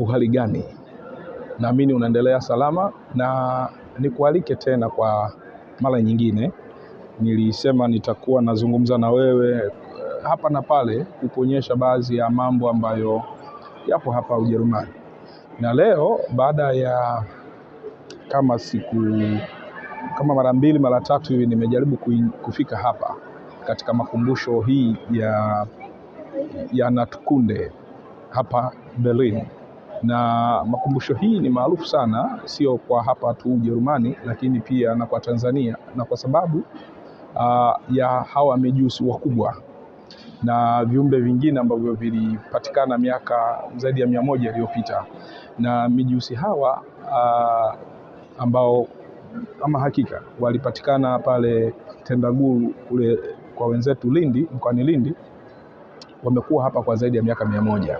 uhali gani? Naamini unaendelea salama, na nikualike tena kwa mara nyingine. Nilisema nitakuwa nazungumza na wewe eh, hapa na pale kukuonyesha baadhi ya mambo ambayo yapo hapa Ujerumani, na leo baada ya kama siku kama mara mbili mara tatu hivi nimejaribu kufika hapa katika makumbusho hii ya ya Natukunde hapa Berlin na makumbusho hii ni maarufu sana, sio kwa hapa tu Ujerumani, lakini pia na kwa Tanzania, na kwa sababu uh, ya hawa mijusi wakubwa na viumbe vingine ambavyo vilipatikana miaka zaidi ya mia moja iliyopita na mijusi hawa uh, ambao ama hakika walipatikana pale Tendaguru kule kwa wenzetu Lindi, mkoani Lindi, wamekuwa hapa kwa zaidi ya miaka mia moja.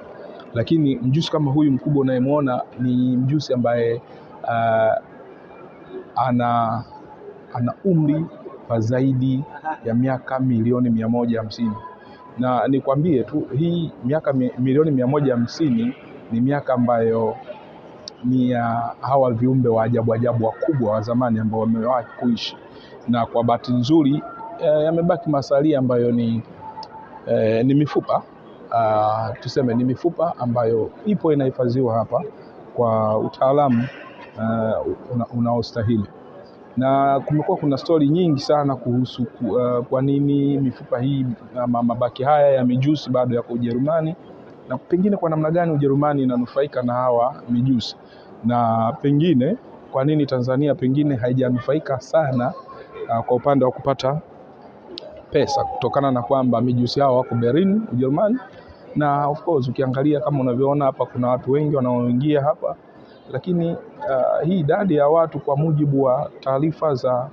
Lakini mjusi kama huyu mkubwa unayemwona ni mjusi ambaye uh, ana, ana umri wa zaidi ya miaka milioni mia moja hamsini na nikwambie tu hii miaka milioni mia moja hamsini ni miaka ambayo ni ya uh, hawa viumbe wa ajabu ajabu wakubwa wa zamani ambao wamewahi kuishi, na kwa bahati nzuri eh, yamebaki masalia ambayo ni, eh, ni mifupa uh, tuseme ni mifupa ambayo ipo inahifadhiwa hapa kwa utaalamu uh, unaostahili una na kumekuwa kuna stori nyingi sana kuhusu uh, kwa nini mifupa hii ama mabaki haya ya mijusi bado yako Ujerumani na pengine kwa namna gani Ujerumani inanufaika na hawa mijusi na pengine kwa nini Tanzania pengine haijanufaika sana uh, kwa upande wa kupata pesa kutokana na kwamba mijusi hao wako Berlin Ujerumani na of course ukiangalia kama unavyoona hapa, kuna watu wengi wanaoingia hapa, lakini uh, hii idadi ya watu kwa mujibu wa taarifa za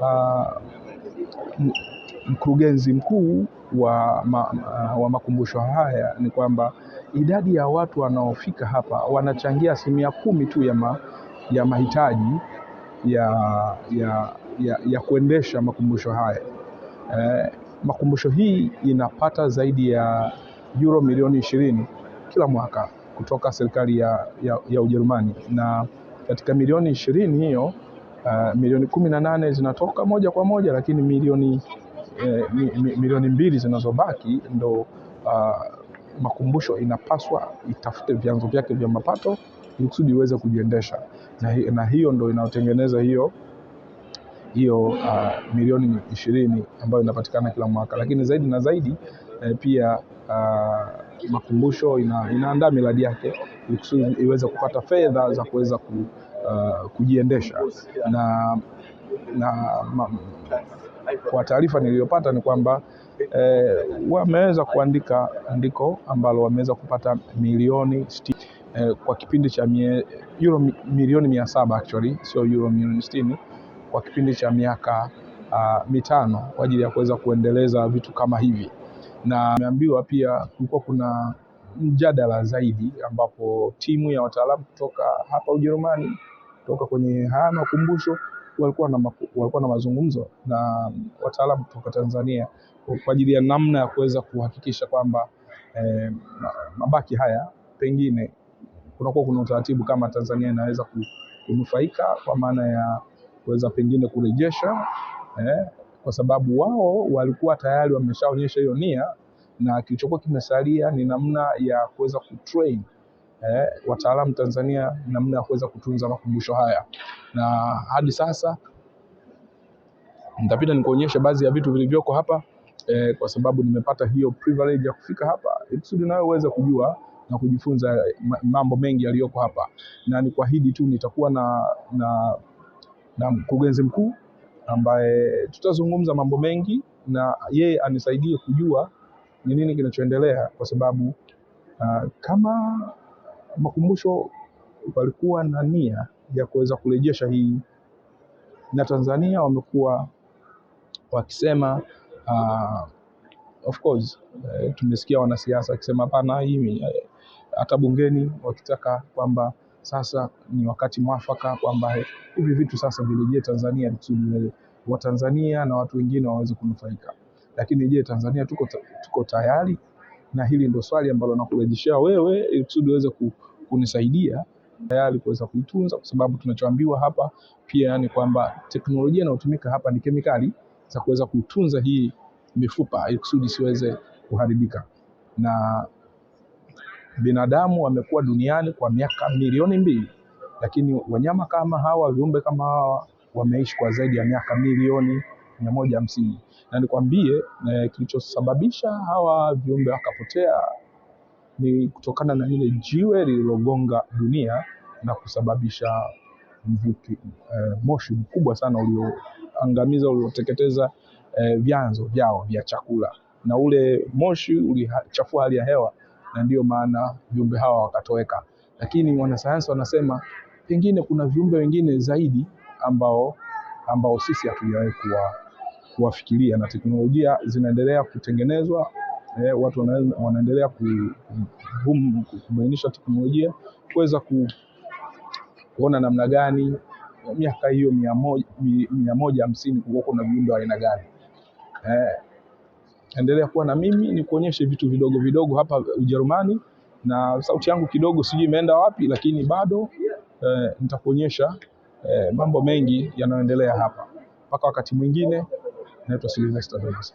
uh, mkurugenzi mkuu wa, ma, uh, wa makumbusho haya ni kwamba idadi ya watu wanaofika hapa wanachangia asilimia kumi tu ya, ma, ya mahitaji ya, ya, ya, ya kuendesha makumbusho haya. Eh, makumbusho hii inapata zaidi ya euro milioni ishirini kila mwaka kutoka serikali ya, ya, ya Ujerumani na katika milioni ishirini hiyo uh, milioni kumi na nane zinatoka moja kwa moja, lakini milioni eh, milioni mbili zinazobaki ndo uh, makumbusho inapaswa itafute vyanzo vyake vya mapato ili kusudi iweze kujiendesha na, na hiyo ndo inayotengeneza hiyo hiyo uh, milioni ishirini ambayo inapatikana kila mwaka, lakini zaidi na zaidi eh, pia uh, makumbusho ina, inaandaa miradi yake ili iweze kupata fedha za kuweza ku, uh, kujiendesha na, na ma, kwa taarifa niliyopata ni kwamba eh, wameweza kuandika andiko ambalo wameweza kupata milioni sti, eh, uh, kwa kipindi cha mie, euro milioni mia saba actually sio euro milioni sitini kwa kipindi cha miaka uh, mitano kwa ajili ya kuweza kuendeleza vitu kama hivi na ameambiwa pia kulikuwa kuna mjadala zaidi, ambapo timu ya wataalamu kutoka hapa Ujerumani, kutoka kwenye haya makumbusho walikuwa na, maku, walikuwa na mazungumzo na wataalamu kutoka Tanzania kwa ajili ya namna ya kuweza kuhakikisha kwamba eh, mabaki haya pengine kunakuwa kuna utaratibu kama Tanzania inaweza kunufaika kwa maana ya kuweza pengine kurejesha eh, kwa sababu wao walikuwa tayari wameshaonyesha hiyo nia, na kilichokuwa kimesalia ni namna ya kuweza kutrain eh, wataalamu Tanzania, namna ya kuweza kutunza makumbusho haya, na hadi sasa nitapita nikuonyeshe baadhi ya vitu vilivyoko hapa eh, kwa sababu nimepata hiyo privilege ya kufika hapa kusudi nayo uweze kujua na kujifunza mambo mengi yaliyoko hapa, na nikuahidi tu nitakuwa na, na, na mkurugenzi mkuu ambaye tutazungumza mambo mengi na yeye anisaidie kujua ni nini kinachoendelea, kwa sababu uh, kama makumbusho walikuwa na nia ya kuweza kurejesha hii, na Tanzania wamekuwa wakisema uh, of course uh, tumesikia wanasiasa wakisema hapana, hii eh, hata bungeni wakitaka kwamba sasa ni wakati mwafaka kwamba hivi vitu sasa virejee Tanzania kusudi Watanzania na watu wengine waweze kunufaika. Lakini je, Tanzania tuko, tuko tayari? Na hili ndio swali ambalo nakurejeshea wewe ili kusudi uweze kunisaidia tayari kuweza kuitunza, kwa sababu tunachoambiwa hapa pia ni kwamba teknolojia inayotumika hapa ni kemikali za kuweza kutunza hii mifupa ili kusudi siweze kuharibika na Binadamu wamekuwa duniani kwa miaka milioni mbili, lakini wanyama kama hawa, viumbe kama hawa wameishi kwa zaidi ya miaka milioni mia moja hamsini. Na nikwambie eh, kilichosababisha hawa viumbe wakapotea ni kutokana na lile jiwe lililogonga dunia na kusababisha mvuki, eh, moshi mkubwa sana ulioangamiza, ulioteketeza eh, vyanzo vyao vya chakula, na ule moshi ulichafua hali ya hewa na ndiyo maana viumbe hawa wakatoweka. Lakini wanasayansi wanasema pengine kuna viumbe wengine zaidi ambao, ambao sisi hatujawahi kuwa kuwafikiria na teknolojia zinaendelea kutengenezwa. eh, watu wanaendelea kubainisha teknolojia kuweza ku, kuona namna gani miaka hiyo mia moja hamsini kuna viumbe wa aina gani eh, endelea kuwa na mimi ni kuonyeshe vitu vidogo vidogo hapa Ujerumani, na sauti yangu kidogo sijui imeenda wapi, lakini bado eh, nitakuonyesha eh, mambo mengi yanayoendelea hapa. Mpaka wakati mwingine, naitwa Sylvester Davis.